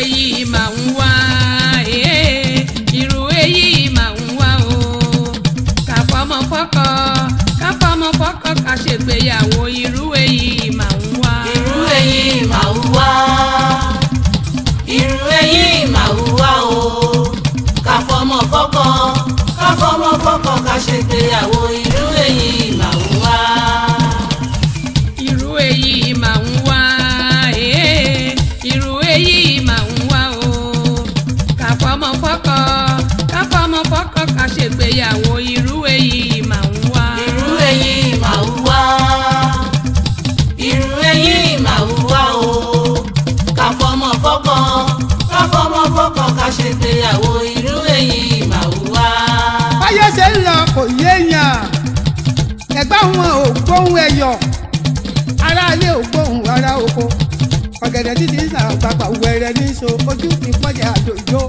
èyí mà eh, eh. ń wá irú èyí mà ń wá o káfọmọ fọkọ káfọmọ fọkọ ká ṣègbéyàwó irú èyí mà ń wá. irú èyí mà ń wá irú èyí mà ń wá o káfọmọ fọkọ káfọmọ fọkọ ká irú èyí mà ń wá. ṣe gbéyàwó irú èyí mà wá. báyọ̀ ṣe ń lọ kò yéèyàn ẹ̀gbọ́n wọn ò gbóhùn ẹ̀yọ̀ aráalé ò gbóhùn ara oko ọ̀gẹ̀dẹ̀ títí sàgbàgbà wẹ̀rẹ̀ níṣó ojú ti pọ́jẹ́ àdòjó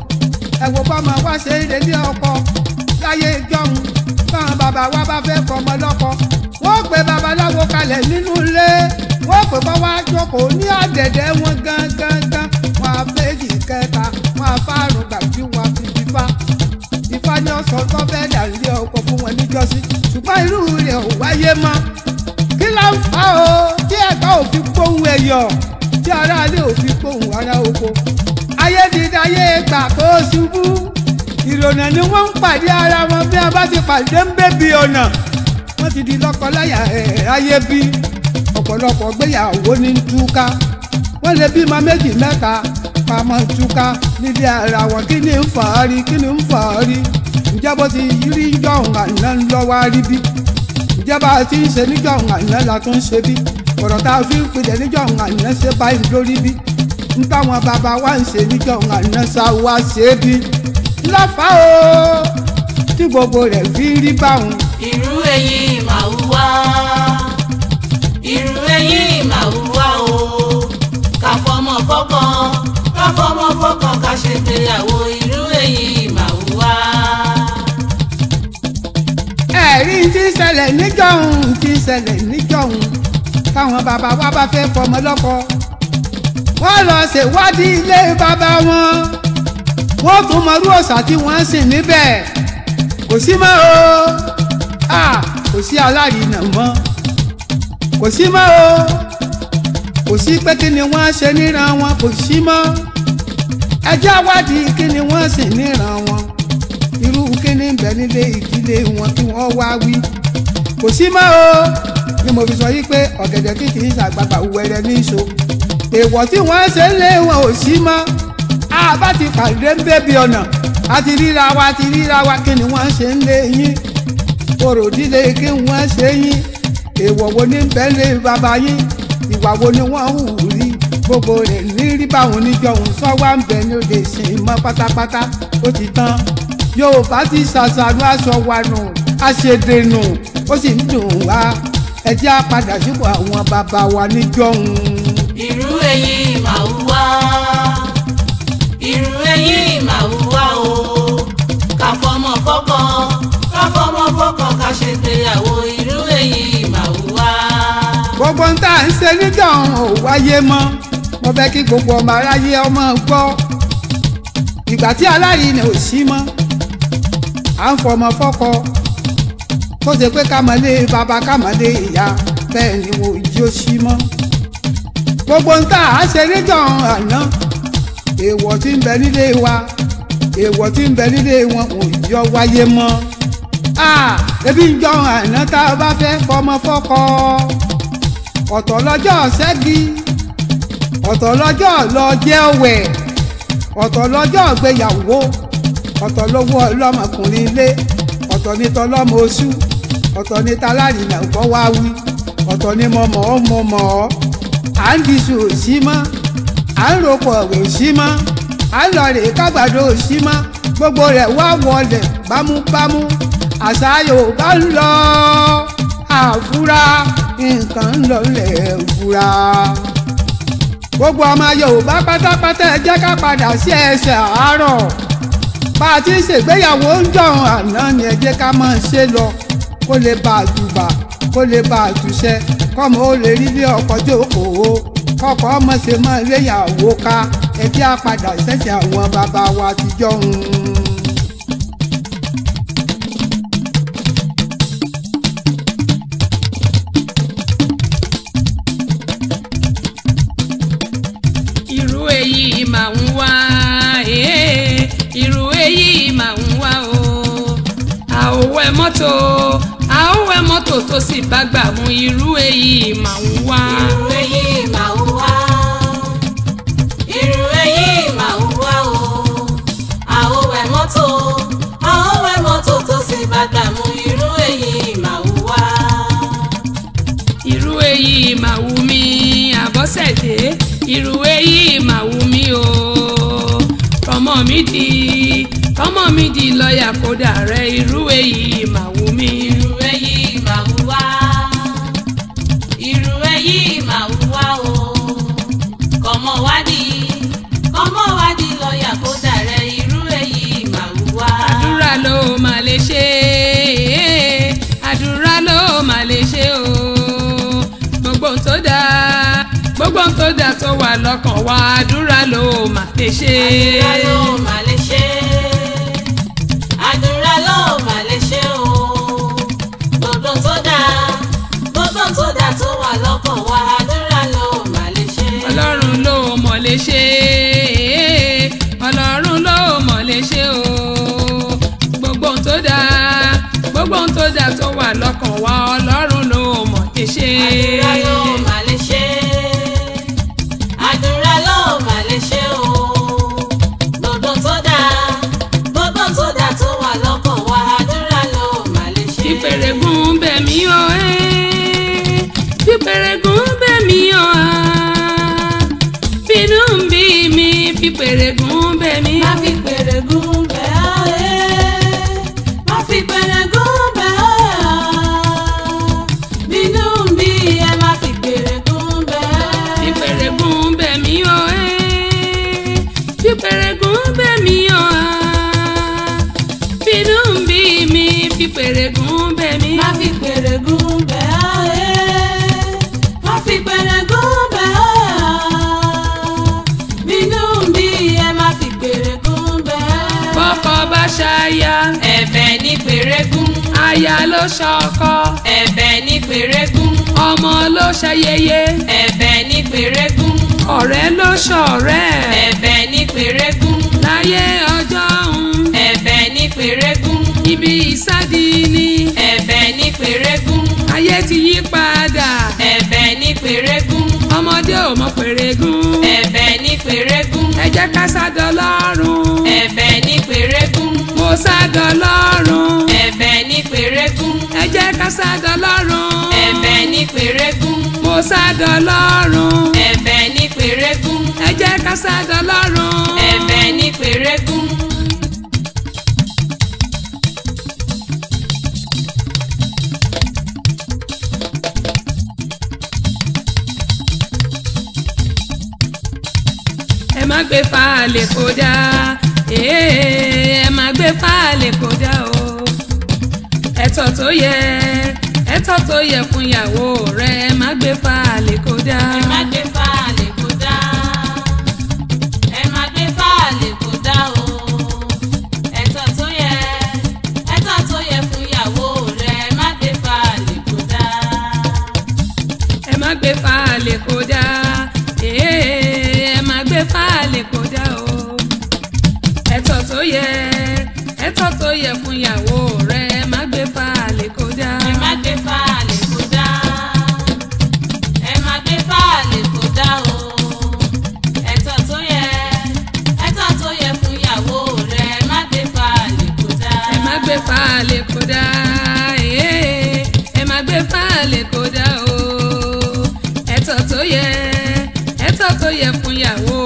ẹ̀wò bọ́mọ wá ṣe é lé ọkọ láyé ìjọ́hun táwọn bàbá wa bá fẹ́ fọmọ lọ́kọ wọ́n pe babaláwo kalẹ̀ nínú ilé wọ́n pe bá wá jókòó ní àdẹ̀dẹ̀ wọn gangan wọn àbẹ́jì kẹta wọn afárùn gbà tí wọn fi fífa ìfá ní ọsàn tó fẹ́ dàrílé ọkọ fún wọn níjọ́sí ṣùgbọ́n irú rẹ̀ ò wáyé mọ́ kí ló ń fa o tí ẹ̀ka ò fi pohùn ẹ̀yọ̀ tí aráalé ò fi pohùn ará oko ayédìdáyé gbà kó ṣubú ìrònà ni wọ́n ń pàdé ara wọn bí a bá ti pàdé ń bèbí ọ̀nà wọ́n ti di lọ́kọláya ẹ̀ ayé bí ọ̀pọ̀lọpọ̀ gbéyàwó ní túká wọ́n lè bímọ méjì mẹ́ta pamọ́ túká nílé ara wọn kí ni ń fà á rí kí ni ń fà á rí ǹjẹ́ bó ti rí jọ̀hún àná ń lọ́wọ́ rí bí ǹjẹ́ bá a ti ń ṣe ní àná la tún ṣe bí ọ̀rọ̀ tá a fi ń pèdè ní jọ̀hún àná ṣe báyìí lórí bí ń táwọn bàbá wa ń ṣe ní àná ṣá wa ṣe bí ńlọ́fà o tí gbogbo rẹ̀ fi rí báwọn. ìrú ẹyin màá wá ẹyin màá o kà fọmọ kọ́kọ́ ká fọmọ fọkàn ká ṣègbéyàwó irú èyí máa wá. ẹ̀rí ti ṣẹlẹ̀ níjọ́hún ti ṣẹlẹ̀ níjọ́hún táwọn bàbá wa bá fẹ́ fọmọ lọ́kọ wọ́n lọ ṣèwádìí ilé bàbá wọn wọ́n tún mọrú ọ̀sà tí wọ́n ń sìn níbẹ̀ kò sí mọ́ o kò sí alárinà mọ́ kò sí mọ́ o kò sí pé kí ni wọ́n ṣe níran wọn kò sí mọ́ ẹjẹ́ àwádìí kí ni wọ́n sì níran wọn irú kí ni bẹ̀ nílé ìdílé wọn kí wọ́n wá wí kò sí mọ́ o ni mo fi sọ yí pé ọ̀gẹ̀dẹ̀ tí kì í ṣàgbàgbà wẹ̀rẹ̀ ní èèwọ̀ tí wọ́n ṣe lé wọn ò sí mọ́ àbá ti pàdé ń bẹ́bí ọ̀nà àti ríra wa àti ríra wa kí ni wọ́n ṣe ń lé yín orò dílé kí wọ́n ṣe yín èèwọ̀ wo ni bẹ́ẹ̀ lé bàbá yín ìwà wo ni wọ́n hù rí gbogbo rẹ̀ nírí báwọn oníjọ òun sọ́wọ́ ń bẹ ní òde ìsìn mọ́ pátápátá ó ti tán yorùbá ti ṣàṣàrú aṣọ wa nù aṣèdènù ó sì ń dùn wá ẹ jẹ́ á àwọn bàbá wa níjọ òun. ìrú ẹ̀yin màá wá ìrú ẹ̀yin màá wá o ká fọmọ fọkàn ká fọmọ fọkàn ká ṣègbéyàwó ìrú ẹ̀yin màá wá. gbogbo ń tà ń ṣe níjọ òun ò wáyé mọ́ mo fẹ́ kí gbogbo ọmọ aráyé ọmọ gbọ́ ìgbà tí alárinà ò sí mọ́ à ń fọmọ fọ́kọ tó ṣe pé kàmọ́lé bàbá kàmọ́lé ìyá bẹ́ẹ̀ ni mo jó sí mọ́ gbogbo ń tà á ṣe àná èèwọ̀ tí ń bẹ nílé wa èèwọ̀ tí ń bẹ nílé wọn ò yọ wáyé mọ́ ebi ń jọ àná tá a bá fẹ́ fọmọ fọ́kọ ọ̀tọ̀ lọ́jọ́ ṣẹ́gi ọ̀tọ̀ lọ́jọ́ lọ jẹ́ wẹ̀ ọ̀tọ̀ lọ́jọ́ gbéyàwó ọ̀tọ̀ lówó ọlọ́mọkùnrin ilé ọ̀tọ̀ ní tọlọ́mọ oṣù ọ̀tọ̀ ní talárìnà nǹkan wá wí ọ̀tọ̀ ní mo mọ̀ ọ́ mo mọ̀ ọ́ à ń diṣu òṣì mọ́ à ń ropọ̀ òṣì mọ́ à ń lọrè kágbàdo òṣì mọ́ gbogbo rẹ̀ wá wọlẹ̀ bámúbámú àṣà Yorùbá ń lọ àfúrá nǹkan ń lọlẹ̀ fúra gbogbo ọmọ Yorùbá pátápátá ẹ jẹ́ ká padà sí ẹsẹ̀ àárọ̀ bá a ti ń ṣègbéyàwó ń jọ̀hún àná ni ẹ jẹ́ ká máa ṣe lọ kó lè bá a dùbà kó lè bá a túṣẹ́ kọ́mọ ó lè rí ilé ọkọ̀ jókòó kọ́kọ́ ọmọ ṣe máa léyàwó ká ẹ jẹ́ á padà ṣẹ̀ṣẹ̀ àwọn bàbá wa àtijọ́ ń. mọ́tò a ó wẹ mọ́tò tó sì bá gbà mú irú èyí mà ń wá. irú èyí mà ń wá irú èyí mà ń wá o a ó wẹ mọ́tò a ó wẹ mọ́tò tó sì bá gbà mú irú èyí mà ń wá. irú èyí mà wù mí àbọ̀sẹ̀dé irú èyí mà wù mí o tọmọ mi di tọmọ mi di lọ́ọ̀yà kódà rẹ irú èyí mà mi irú èyí mà wúwá irú èyí mà wúwá o kọmọ wádìí kọmọ wádìí lọ́ọ̀yà kó dàrẹ́ irú èyí mà wúwá. àdúrà ló mà lè ṣe àdúrà ló mà gbogbo tó dáa tó wà lọ́kàn wa àdúrà ló mà lè ṣe. àdúrà ló mà lè ṣe. ọkàn wa àdúrà ló mà lè ṣe. ọlọ́run ló mọ̀ lè ṣe gbogbo ohun tó dáa tó wà lọ́kàn wa ọlọ́run ló mọ̀ lè ṣe. àdúrà pèrè gùn bẹ̀ aya ẹ̀bẹ̀ ní pèrégún aya ló ṣọkọ ẹ̀bẹ̀ ní pèrégún ọmọ ló ṣayẹyẹ ẹ̀bẹ̀ ní pèrégún ọ̀rẹ́ ló ṣọ̀rẹ́ ẹ̀bẹ̀ ní pèrégún láyé ọjọ́ ọ̀hún ẹ̀bẹ̀ ní pèrégún ibi ìsádi ni ẹ̀bẹ̀ ní pèrégún ayé ti yí padà ẹ̀bẹ̀ ní pèrégún tí ò mọ pèrègùn. ẹ̀bẹ̀ ní pèrègùn. ẹ jẹ́ ká sádọ lọ́rùn. ẹ̀bẹ̀ ní pèrègùn. mo sádọ lọ́rùn. ẹ̀bẹ̀ ní pèrègùn. ẹ jẹ́ ká sádọ lọ́rùn. ẹ̀bẹ̀ ní pèrègùn. mo sádọ lọ́rùn. ẹ̀bẹ̀ ní pèrègùn. ẹ jẹ́ ká sádọ lọ́rùn. ẹ̀bẹ̀ ní pèrègùn. gbé fàálẹ̀ kọjá ẹ má gbé fàálẹ̀ kọjá o ẹ̀tọ́ tó yẹ ẹ̀tọ́ tó yẹ fún ìyàwó rẹ ẹ má gbé fàálẹ̀ kọjá. ẹ má gbé tó yẹ ẹ̀tọ́ tó yẹ fún ìyàwó rẹ ẹ má gbé fa àlè kọjá. ẹ má gbé fa àlè kọjá ẹ má gbé fa àlè kọjá o ẹ̀tọ́ tó yẹ ẹ̀tọ́ tó yẹ fún ìyàwó rẹ ẹ má gbé fa àlè kọjá. ẹ má gbé fa àlè kọjá eh, ẹ má gbé fa àlè kọjá o ẹ̀tọ́ tó yẹ ẹ̀tọ́ tó yẹ fún ìyàwó.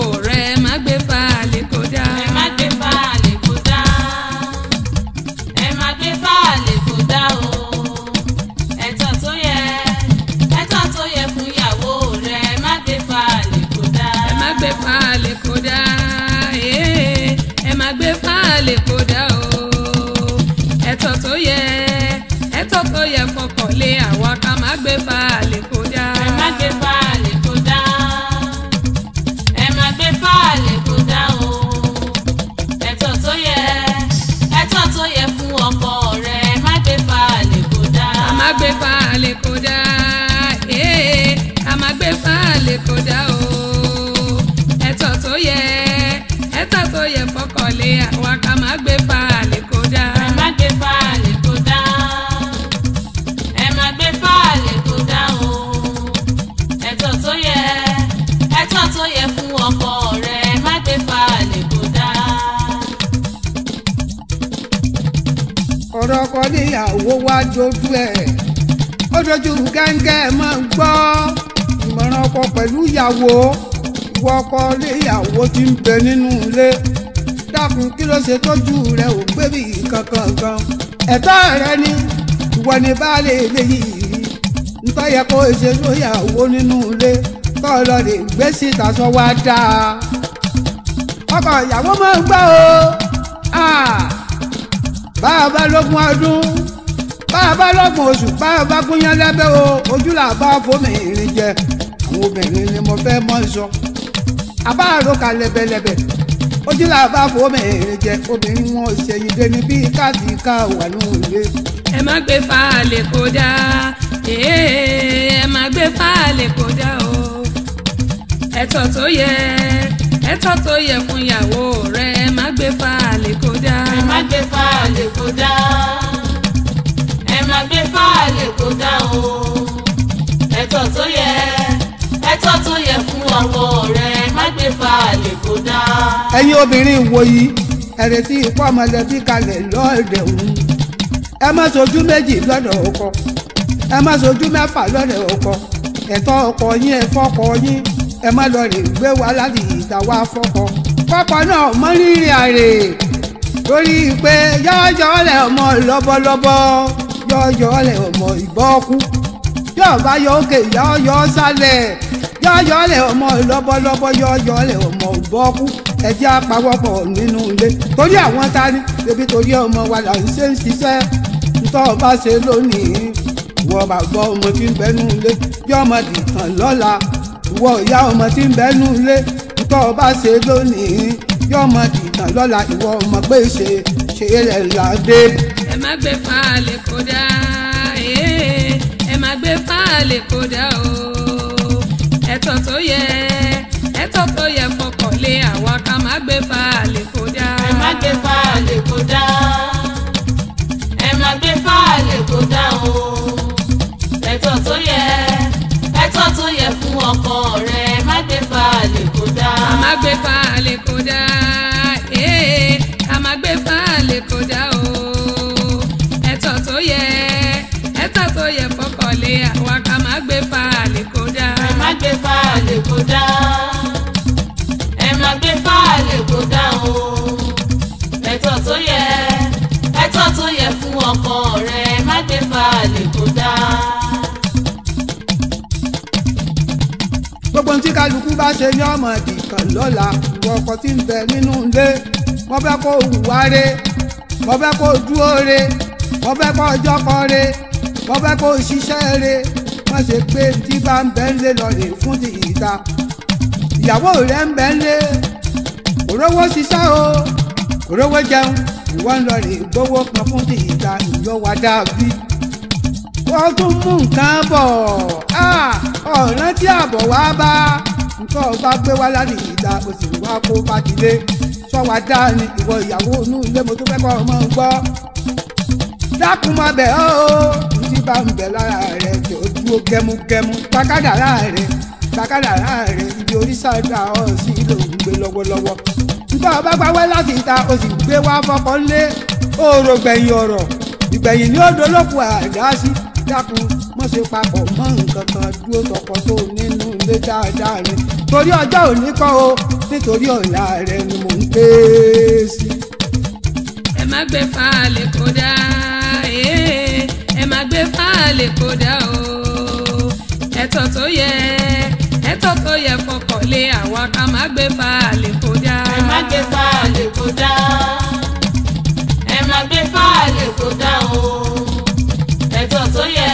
ìyàwó wá dojú ẹ̀ ó dojú kẹ́ńkẹ́ máa ń gbọ́ ìmọ̀ràn ọkọ pẹ̀lú ìyàwó ìwọ ọkọ lé ìyàwó ti ń bẹ nínú ilé dákun kí ló ṣe tọ́jú rẹ ò gbébì kankan kan ẹ̀tọ́ rẹ ni ìwọ ni baálé ilé yìí ntọ́ yẹ kó ṣe lóyàwó nínú ilé kọ́ lọ lè gbé síta sọ wá dáa ọkọ ìyàwó máa ń gbọ́ o ah! bá a bá lógún ọdún bá a bá lọ́gbọ̀n oṣù bá a bá gúnyán lábẹ́ o ojú là bá fómìnrin jẹ àwọn obìnrin ni mo fẹ́ mọ́ sọ àbá àròkà lẹ́bẹ̀lẹ́bẹ̀ ojú là bá fómìnrin jẹ obìnrin wọn ò ṣèyí dénú bí káàdì wà lóore. ẹ má gbé fàálè kódà ẹ má gbé fàálè kódà o ẹ̀tọ́ tó yẹ ẹ̀tọ́ tó yẹ fún ìyàwó rẹ ẹ má gbé fàálè kódà. ẹ má gbé fàálè kódà máa gbé fáàlì kó dáhùn. ẹ̀tọ́ tó yẹ ẹ̀tọ́ tó yẹ fún àwọn ọ̀rẹ́ má gbé fáàlì kó dá. ẹ̀yin obìnrin wòyí ẹ̀rẹ̀tí ikọ́ ọmọlẹ́bí kalẹ̀ lọ́ọ̀dẹ̀ òun ẹ má sojú méjì lọ́dọ̀ ọkọ ẹ má sojú mẹ́fà lọ́dọ̀ ọkọ ẹ̀tọ́ ọkọ yín ẹ fọ́kọ yín ẹ má lọ rè gbé wa láti ìta wá fọ́kọ fọ́kọ náà mọ rírì àrè torí pé yọ́jọ́ rẹ̀ ọmọ lọ́bọ̀lọ́bọ̀ yọ yọ lẹ̀ ọmọ ìgbọ́kú yọ bá yọ òkè yọ yọ sálẹ̀ yọ yọ lẹ̀ ọmọ lọ́bọ̀lọ́bọ̀ yọ yọ lẹ̀ ọmọ ìgbọ́kú ẹ jẹ́ àpawọ́pọ̀ nínú ilé torí àwọn ta ni ebi torí ọmọ wa là ń ṣe ń ṣiṣẹ́ ntọ́ bá ṣe lónìí ìwọ bàbá ọmọ tí ń bẹ́nu ilé yọ ọmọ dìtàn lọ́la ìwọ ìyá ọmọ tí ń bẹ́nu ilé ntọ́ bá ṣe lónìí yọ ọmọ dìtàn lọ́la ìwọ ọmọ gbèsè ṣe é lẹ̀ ládé má gbé fàálẹ̀ kódà eh, ẹ má gbé fàálẹ̀ kódà o ẹ̀tọ́ tó yẹ ẹ̀tọ́ tó yẹ fọkàn lé àwa ká má gbé fàálẹ̀ kódà. ẹ má gbé fàálẹ̀ kódà ẹ má gbé fàálẹ̀ kódà o ẹ̀tọ́ tó yẹ ẹ̀tọ́ tó yẹ fún ọkọ rẹ ẹ má gbé fàálẹ̀ kódà. má gbé fàálẹ̀ kódà. dá ẹ má gbé fáàlì kó dáhùn ẹ̀tọ́ tó yẹ ẹ̀tọ́ tó yẹ fún ọkọ rẹ ẹ má gbé fáàlì kó dá. gbogbo tí kálukú bá ṣe ní ọmọ ìdìkan lọ́la ọkọ tí ń bẹ nínú ilé mo fẹ́ kó hùwà re fẹ́ kó dúró re fẹ́ kó jọkọ re fẹ́ kó ṣiṣẹ́ re má ṣe pé tí bá ń bẹ́ ń fún ti ìta ìyàwó rẹ̀ ń bẹ́ lé òrówó ṣiṣẹ́ o òrówó jẹun ìwọ ń lọ rè gbowó kan fún ti ìgbà ìyọwà dàbí. wọ́n tún mú nǹkan bọ̀ ọ̀ràn tí àbọ̀ wá bá nǹkan ọba gbé wá láti ìgbà òsì wá kó bá ti lé sọ́wọ́ dá ní ìwọ ìyàwó inú ilé mo tún fẹ́ kọ́ ọmọ ń gbọ́. dákun máa bẹ̀ ọ́ o ti bá ń bẹ̀ lára rẹ̀ tó dúró gẹmugẹmu pákádà lára rẹ̀ ṣàkàrà láàrin ibi oríṣàdá ọ̀sìn ló ń gbé lọ́wọ́lọ́wọ́ ìgbà ọba pawẹ́ láti ta o sì gbé wá fọkàn lé òòrò gbẹ̀yìn ọ̀rọ̀ ìgbẹ̀yìn ní odò lóko àdásí dákun mọ́ ṣe papọ̀ mọ́ nǹkan kan dúró tọkọ tó nínú ilé dáadáa rẹ torí ọjọ́ òní kọ́ o nítorí ọ̀la rẹ ni mò ń pè é sí. ẹ má gbé fàálẹ̀ kódà eh, ẹ má gbé fàálẹ̀ kódà o ẹ̀tọ́ tó yẹ ètò tó yẹ fọkàn lé àwa ká má gbé fa àlè kọjá. ẹ má gbé fa àlè kọjá ẹ má gbé fa àlè kọjá o ètò tó yẹ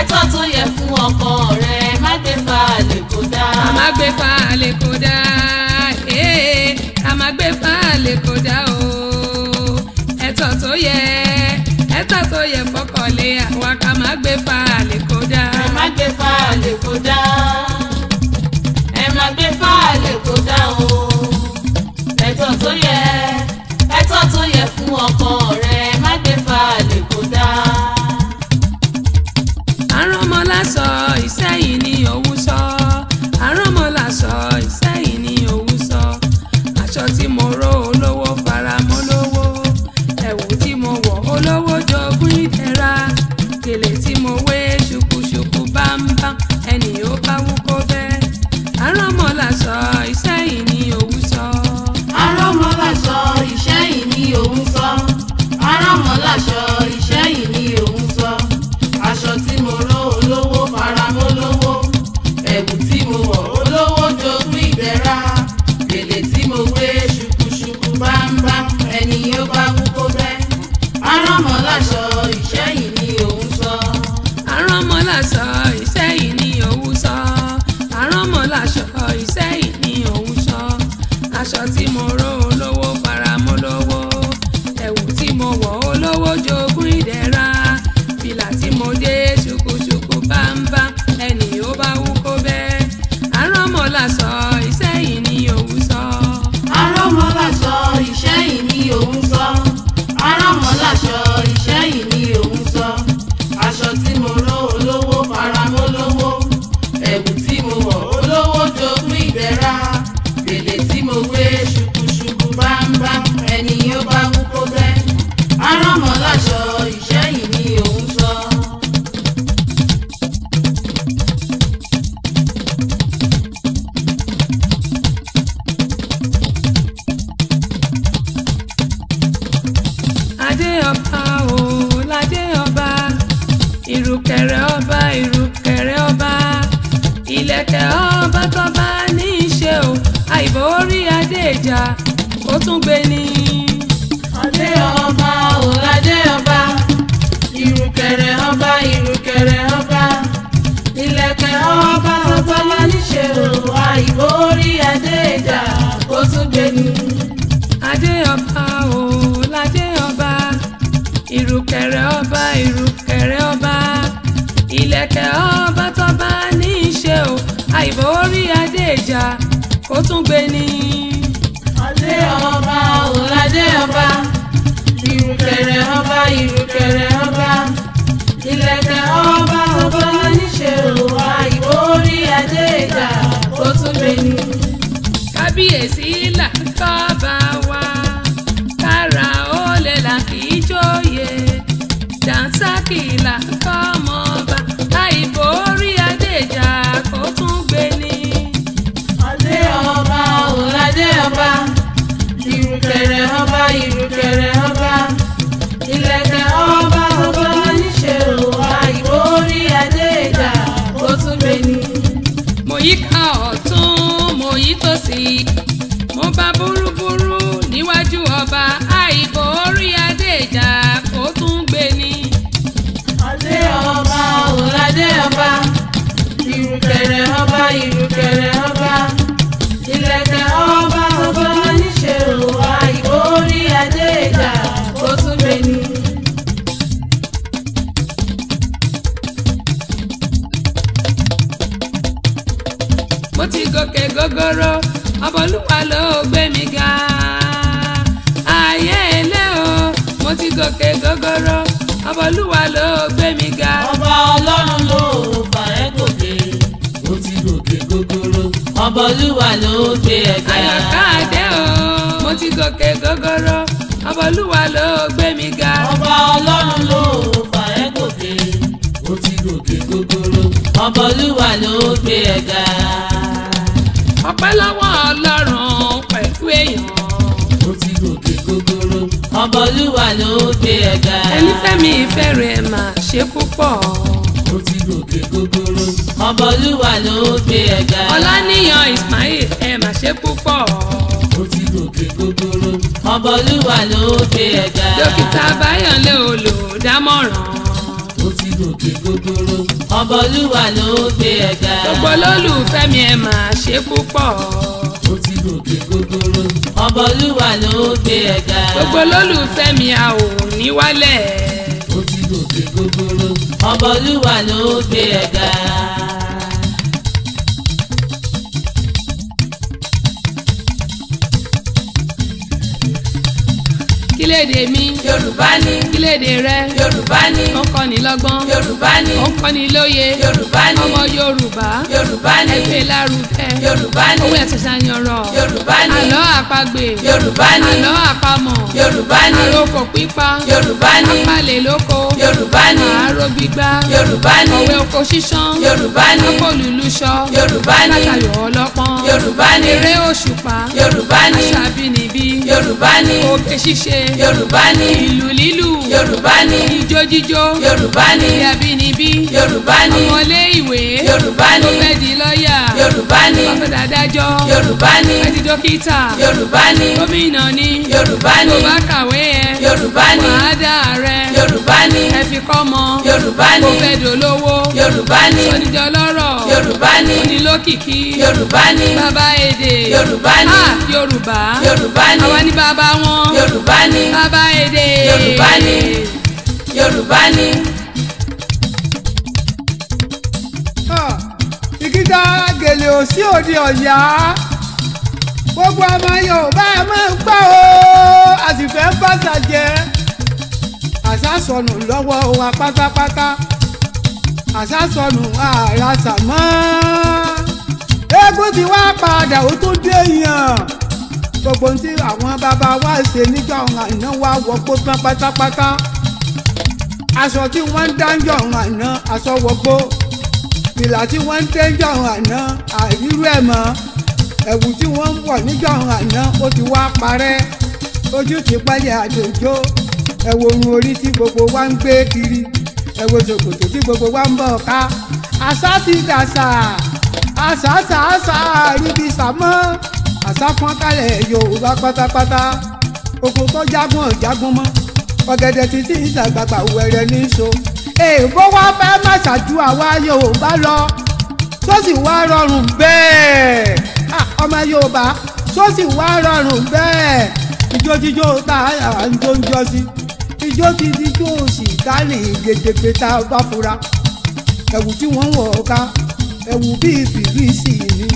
ètò tó yẹ fún ọkọ rẹ ẹ má gbé fa àlè kọjá. ká má gbé fa àlè kọjá ká má gbé fa àlè kọjá o ètò tó yẹ ètò tó yẹ fọkàn lé àwa ká má gbé fa àlè kọjá. ẹ má gbé fa àlè kọjá. láṣọ iṣẹ́ yìí ni òun sọ àrán mọ́ láṣọ iṣẹ́ yìí ni òun sọ aṣọ tí mo rọ. ládé ọba o ládé ọba ìrùkẹ̀rẹ̀ ọba ìrùkẹ̀rẹ̀ ọba ìlẹ̀kẹ̀ ọba tọ́ba ní í ṣe o àìbọ̀ orí adé ìjà ó tún gbé ní. adé ọba o ládé ọba ìrùkẹ̀rẹ̀ ọba ìrùkẹ̀rẹ̀ ọba ìlẹ̀kẹ̀ ọba tọ́ba ní í ṣe o àìbọ̀ orí adé ìjà ó tún gbé ní. adé ọba o ládé ìrùkẹ̀rẹ̀ ọba ìrùkẹ̀rẹ̀ ọba ìlẹ̀kẹ̀ ọba tọ́ba ní ìṣe o àìbọ̀wọ́ rí adé ìjà kó tún gbé ni. adé ọba òládé ọba ìrùkẹ̀rẹ̀ ọba ìrùkẹ̀rẹ̀ ọba ìlẹ̀kẹ̀ ọba ọba níṣe o àìbọ̀wọ́ rí adé kó tún gbé ni. kábíyèsí là ń kọ́. ọbọlúwa ló gbé mi ga ayé ilé o mo ti gòkè gògòrò ọbọlúwa ló gbé mi ga. ọba ọlọ́run ló fà ẹ́ gòkè ó ti gòkè gògòrò ọbọlúwa ló gbé ẹ ga. àyàká o mo ti gòkè gògòrò ọbọlúwa ló gbé mi ga. ọba ọlọ́run ló fà ẹ́ gòkè ó ti gòkè gògòrò ọbọlúwa ló gbé ẹ ga ọpẹ́ lọ́wọ́ ọlọ́run pẹ̀lú èèyàn. mo ti gòkè gogoro ọbọlúwa ló gbé ẹ ga. ẹni fẹ́mi ìfẹ́ rẹ̀ máa ṣe púpọ̀. mo ti gòkè gogoro ọbọlúwa ló gbé ẹ ga. Ismail ẹ máa ṣe púpọ̀. mo ti gòkè gogoro ọbọlúwa ló gbé ẹ ga. dókítà báyọ̀ olùdámọ̀ràn. mo ti gòkè gogoro ọbọlúwa ló gbé ẹ̀gá. gbogbo olólùfẹ́ mi ẹ máa ṣe púpọ̀. ó ti gòkè gogoro. ọbọlúwa ló gbé ẹ̀gá. gbogbo olólùfẹ́ mi a ò ní wálẹ̀. ó ti gòkè gogoro. ọbọlúwa ló gbé ẹ̀gá. kílèdè mi yorùbá ní. kílédè rẹ yorùbá ní. ó kọ́ ni lọ́gbọ́n yorùbá ní. ó kọ́ ni lóye yorùbá ní. ọmọ yorùbá yorùbá ní. ẹgbẹ́ lárugẹ yorùbá ní. owó ẹ̀sẹ̀ ṣàyànrọ̀ yorùbá ní. àlọ́ àpagbè yorùbá ní. àlọ́ àpamọ̀ yorùbá ní. àròkò pípa yorùbá ní. apalẹ̀ lóko yorùbá ní. àárò gbígbá yorùbá ní. òwe oko ṣíṣán yorùbá ní. akólùlùṣọ yorùbá ní. látàyò ọlọ́pọ́n yorùbá ní. eré òṣùpá yorùbá ní. àṣà yorùbá ní. òkè ṣíṣe yorùbá ní ìlù lílù yorùbá ni ijó jíjó yorùbá ni abínibí yorùbá ni ọmọlé ìwé yorùbá ni ó fẹ́ di lọ́ọ̀yà yorùbá ni ó fẹ́ dàdájọ́ yorùbá ni ó fẹ́ di dókítà yorùbá ni gómìnà ni yorùbá ni tó ẹ yorùbá ni wàá dà rẹ yorùbá ní ẹ fi kọ́ mọ yorùbá ní kó fẹ́ dolówó yorùbá ní oníjọ lọ́rọ̀ yorùbá ní onílókìkí yorùbá ní bàbá èdè yorùbá ní yorùbá yorùbá ní àwa ní bàbá wọn yorùbá ní bàbá èdè yorùbá ní yorùbá ní. ìkíta gèlè ò sí òde ọ̀yá gbogbo ọmọ yorùbá máa ń gbà ó àsìfẹ́ ń bàtà jẹ́ àṣà sọnù lọ́wọ́ wa pátápátá àṣà sọnù ààrà sàmọ́ eégún ti wá padà ó tún dé èèyàn gbogbo ohun tí àwọn bàbá wa ṣe níjọ́ àná wa wọ́pọ̀ tán pátápátá aṣọ tí wọ́n ń dáńjọ́ àná aṣọ wọ́pọ̀ fìlà tí wọ́n ń déńjọ́ àná àìrírú ẹ̀ mọ́ ẹ̀wù tí wọ́n ń wọ̀ níjọ́ àná ó ti wá parẹ́ ojú ti pẹ́yẹ àjòjò ẹ wo ohun orí tí gbogbo wa ń gbé kiri ẹ wo ṣòkòtò tí gbogbo wa ń bọ̀ ká àṣà ti dàṣà àṣà ṣàṣà ríbi sàmọ́ àṣà fún akálẹ̀ Yorùbá pátápátá oko tó jágun ọ̀jágun mọ́ ọ̀gẹ̀dẹ̀ títí ìṣàgbàgbà wẹ̀rẹ̀ ní so èèbó wá fẹ́ má ṣàjú àwa Yorùbá lọ tó sì wá rọrùn bẹ́ẹ̀ ọmọ Yorùbá tó sì wá rọrùn bẹ́ẹ̀ ìjójíjó tá à ń jó ń jọ sí ìjó gidi jó sì kálí gedegbe tá a bá fura ẹ̀wù tí wọ́n ń wọ̀ ká ẹ̀wù bíi fìrísì ni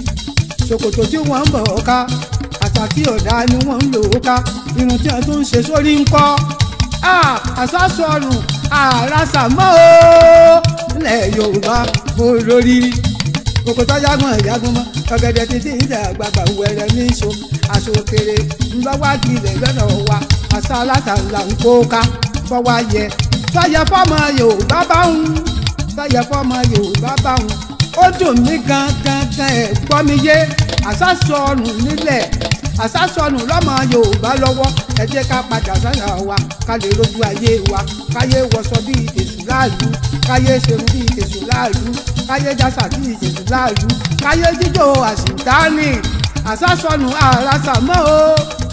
ṣòkòtò tí wọ́n ń bọ̀ ká àtàkì ọ̀dà ni wọ́n ń lò ó irun tí wọ́n tún ń ṣe sórí ń kọ́ àṣàṣọrùn àràṣàmọ́ o ilẹ̀ Yorùbá mo lóríire kòkò tọ́jàgbọ̀n ìyàgbọ́n ọ̀gẹ̀dẹ̀ títí ìjà àgbààgbà wẹ̀rẹ̀ ní so àṣòkèrè ńlọ́wọ́ àti ilẹ̀ lọ́nà wa àṣà aláta ń kó ká fọwọ́ ayẹ sọyẹ fọmọ Yorùbá bá ń sọyẹ fọmọ Yorùbá bá ń ó dùn mí gan ẹ gbọ́ mi yé àṣà sọnù nílẹ̀ àṣà sọnù lọ́mọ Yorùbá lọ́wọ́ ẹ jẹ́ ká padà sára wa ká lè rojú ayé wa káyé wọṣọ bíi èṣù láàlú káyé ṣerun bíi èṣù láàlú káyé jásà bíi èṣù láàlú káyé jíjó àṣìdáni àṣà àràṣà mọ́ o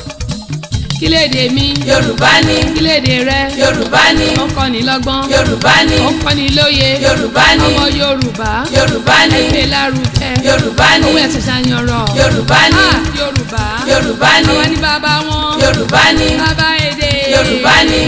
kílédè mi yorùbá ni kílédè rẹ yorùbá ni ó kọ́ ni lọ́gbọ́n yorùbá ni ó kọ́ ni lóye yorùbá ni ọmọ yorùbá yorùbá ni ẹgbẹ́ lárugẹ yorùbá ni owó ẹ̀sẹ̀ ṣàyànrọ̀ yorùbá ni yorùbá yorùbá ni àwọn ní bàbá wọn yorùbá ni bàbá èdè yorùbá ni.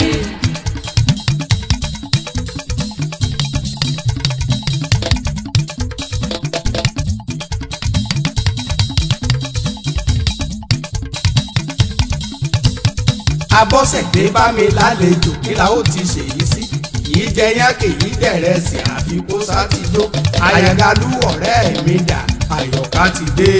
bọ́sẹ̀ dé bá mi lálejò kí la ó ti ṣèyí sí kìí jẹ yán kìí jẹrẹ sí àfi kó sátijó àyàngalú ọ̀rẹ́ mi dà àyọ̀ká ti dé.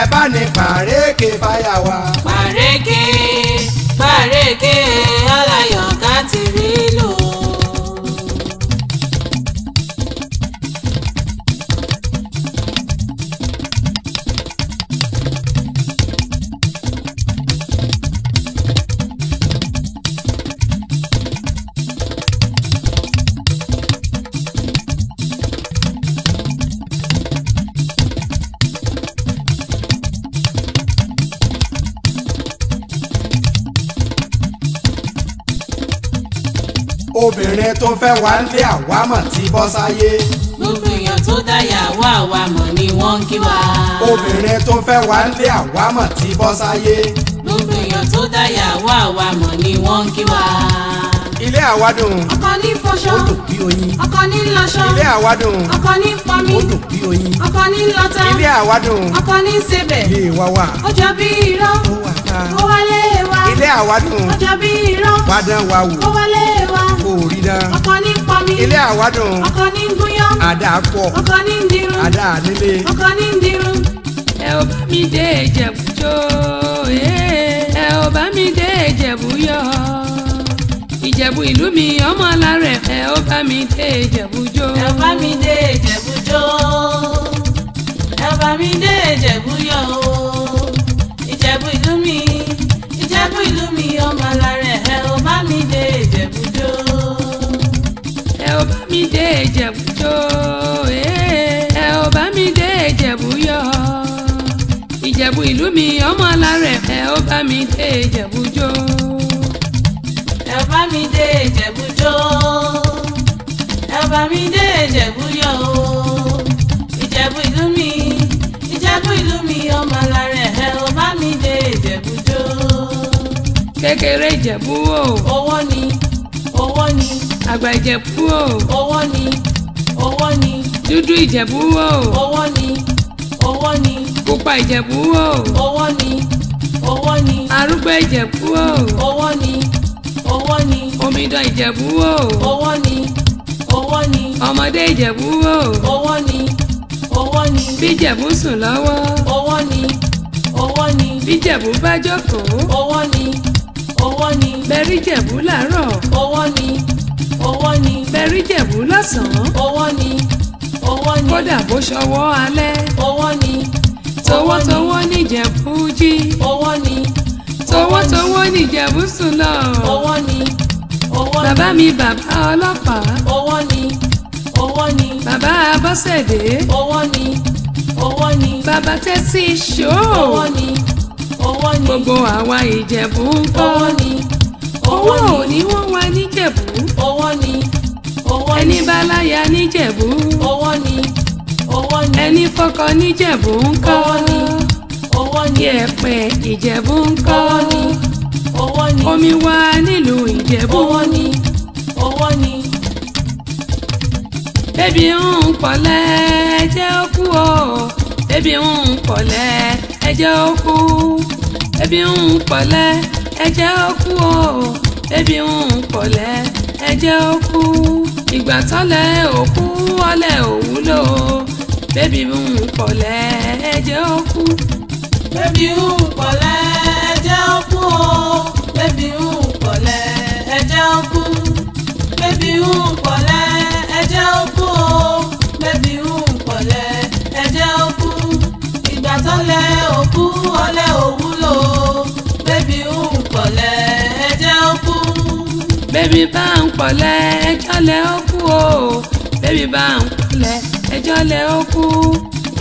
ẹ bá ní pàrékè báyà wa. pàrékè pàrékè. tó fẹ́ wá lé àwámọ̀ ti bọ́ sáyé. gbogbo èèyàn tó dáyàwó àwámọ̀ ni wọ́n kí wa. obìnrin tó fẹ́ wá lé àwámọ̀ ti bọ́ sáyé. gbogbo èèyàn tó dáyàwó àwámọ̀ ni wọ́n kí wa ilé àwádùn. ọkọ ní fọṣọ. ó dùn bí oyin. ọkọ ní lọṣọ. ilé àwádùn. ọkọ ní pọnmi. ó dùn bí oyin. ọkọ ní lọta. ilé àwádùn. ọkọ ní sebẹ̀. ilé wa wà. ó bí irọ́. ó wà ká. ó wálé wa. ilé àwádùn. ó bí irọ́. wádàn wa wò. ó wálé wá. kò rí náà. ọkọ ní pọnmi. ilé àwádùn. ọkọ ní gúnyán. àdá pọ̀. ọkọ ní dirun. àdá nílé. ọkọ ní dirun. ẹ ò bá mi dé ìjẹ̀bú jó ẹ ò bá mi dé ìjẹ̀bú ìjẹ̀bú ìlú mi ọmọ alárẹ̀ ẹ ò bá mi dé ìjẹ̀bú ẹ ò bá mi dé ìjẹ̀bú ẹ ò bá mi dé ìjẹ̀bú ìjẹ̀bú ìlú mi ìjẹ̀bú ìlú mi ọmọ alárẹ̀ ẹ ò bá mi dé ìjẹ̀bú Ìjẹ̀bújó ẹ ò bá mi dé Ìjẹ̀bújó eh. ẹ ò bá mi dé Ìjẹ̀búyọ̀ Ìjẹ̀bú ìlú mi ọmọ alárẹ̀ ẹ ò bá mi dé Ìjẹ̀bújó ẹ ò bá mi dé Ìjẹ̀bújó ẹ ò bá mi dé Ìjẹ̀búyọ̀ Ìjẹ̀bú ìlú mi Ìjẹ̀bú ìlú mi ọmọ alárẹ̀ ẹ ò bá mi dé Ìjẹ̀bújó kékeré Ìjẹ̀bú o owó ni owó ni. àgbà ìjẹ̀bú o. owó ni owó ni. dúdú ìjẹ̀bú o. owó ni owó ni. pupa ìjẹ̀bú o. owó ni owó ni. arúgbó ìjẹ̀bú o. owó ni owó ni. omidan ìjẹ̀bú o. owó ni owó ni. ọmọdé ìjẹ̀bú o. owó ni owó ni. bíjẹ̀bú sùn lọ́wọ́. owó ni owó ni. bíjẹ̀bú bá jókòó. owó ni owó ni. bẹ̀rí jẹ̀bú làárọ̀ owó ni owó ni. bẹ̀rí jẹ̀bú lọ́sàn-án owó ni owó ni. kódà bó ṣọwọ́ alẹ́ owó ni owó ni. towótowó níjẹ̀bú jí owó ni towótowó níjẹ̀bú sùn lọ owó ni owó ni. bàbá mi bàbá ọlọ́pàá owó ni owó ni. bàbá abọ́sẹ̀dé owó ni owó ni. bàbá tẹ́tí ṣó owó ni owó ni gbogbo àwa ìjẹ̀bú ń kọ́ owó ni owó ni wọ́n wá níjẹ̀bú owó ni owó ni ẹni bá láya níjẹ̀bú owó ni owó ni ẹni fọkọ níjẹ̀bú ń kọ́ owó ni owó ni ẹ̀pẹ̀ ìjẹ̀bú ń kọ́ owó ni owó ni omi wá nílùú ìjẹ̀bú owó ni owó ni ebi ń pọ̀lẹ́ ẹjẹ́ ó kú o ebi ń pọ̀lẹ́ ẹjẹ́ ó kú ebi ń pọ̀lẹ́ ẹ̀jẹ̀ ó kú o ebi ń pọ̀lẹ́ ẹ̀jẹ̀ ó kú ìgbà tọ́lẹ̀ ó kú ọlẹ̀ ò wúlò bébí ń pọ̀lẹ́ ẹ̀jẹ̀ ó kú. bébí ń pọ̀lẹ́ ẹ̀jẹ̀ ó kú o bébí ń pọ̀lẹ́ ẹ̀jẹ̀ ó kú bébí ń pọ̀lẹ́ ẹ̀jẹ̀ ó kú o bébí ń pọ̀lẹ́ ẹ̀jẹ̀ ó kú ìgbà tọ́lẹ̀ ó kú ọlẹ̀ bébí ń pọ̀lẹ́ ẹja ó kú. bébí bá ń pọ̀lẹ́ ẹjọ́ lẹ ó kú o bébí bá ń pọ̀lẹ́ ẹjọ́ lẹ ó kú.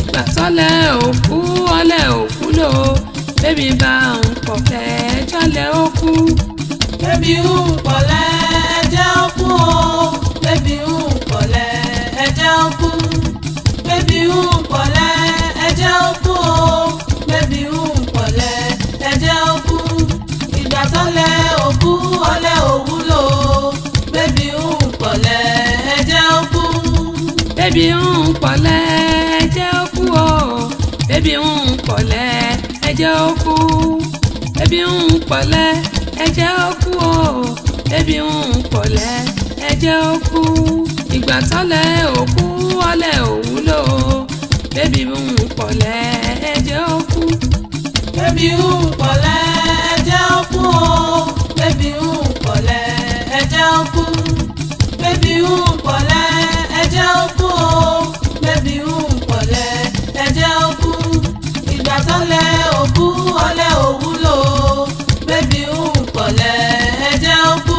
ìgbà tọ́lẹ̀ òkú ọlẹ̀ òkú lò bébí bá ń pọ̀lẹ́ ẹjọ́ lẹ ó kú. bébí ń pọ̀lẹ́ ẹjọ́ ó kú o bébí ń pọ̀lẹ́ ẹjọ́ ó kú. bébí ń pọ̀lẹ́ ẹjọ́ ó kú o bébí ń ìyàsọ́lẹ̀ òkú ọlẹ́ òwúlò bébí ń pọ̀lẹ́ ẹ̀jẹ̀ ó kú. bébí ń pọ̀lẹ́ ẹ̀jẹ̀ ó kú o bébí ń pọ̀lẹ́ ẹ̀jẹ̀ ó kú bébí ń pọ̀lẹ́ ẹ̀jẹ̀ ó o bébí ń pọ̀lẹ́ ẹ̀jẹ̀ ó kú ìgbà tọ́lẹ̀ òkú ọlẹ́ òwúlò bébí ń pọ̀lẹ́ ẹ̀jẹ̀ ó kú. bébí ń pọ̀lẹ́. kú ọlẹ́ òwúlò bébí ń pọ̀lẹ́ ẹjẹ́ ó kú.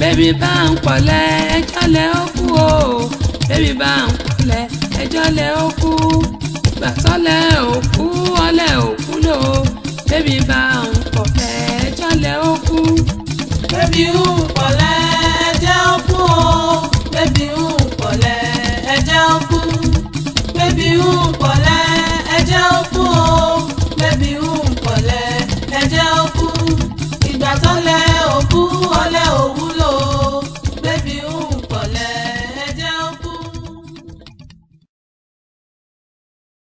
bébí bá ń pọ̀lẹ́ ẹjọ́ lẹ́ ó kú o bébí bá ń pọ̀lẹ́ ẹjọ́ lẹ́ ó kú. gbàtọ́lẹ̀ òkú ọlẹ́ òwúlò bébí bá ń pọ̀lẹ́ ẹjọ́ lẹ́ ó kú. bébí ń pọ̀lẹ́ ẹjẹ́ ó kú o bébí ń pọ̀lẹ́ ẹjẹ́ ó kú. bébí ń pọ̀lẹ́ ẹjẹ́ ó kú o bẹ́bí ń pọ̀lẹ́ ẹ̀jẹ̀ ó kú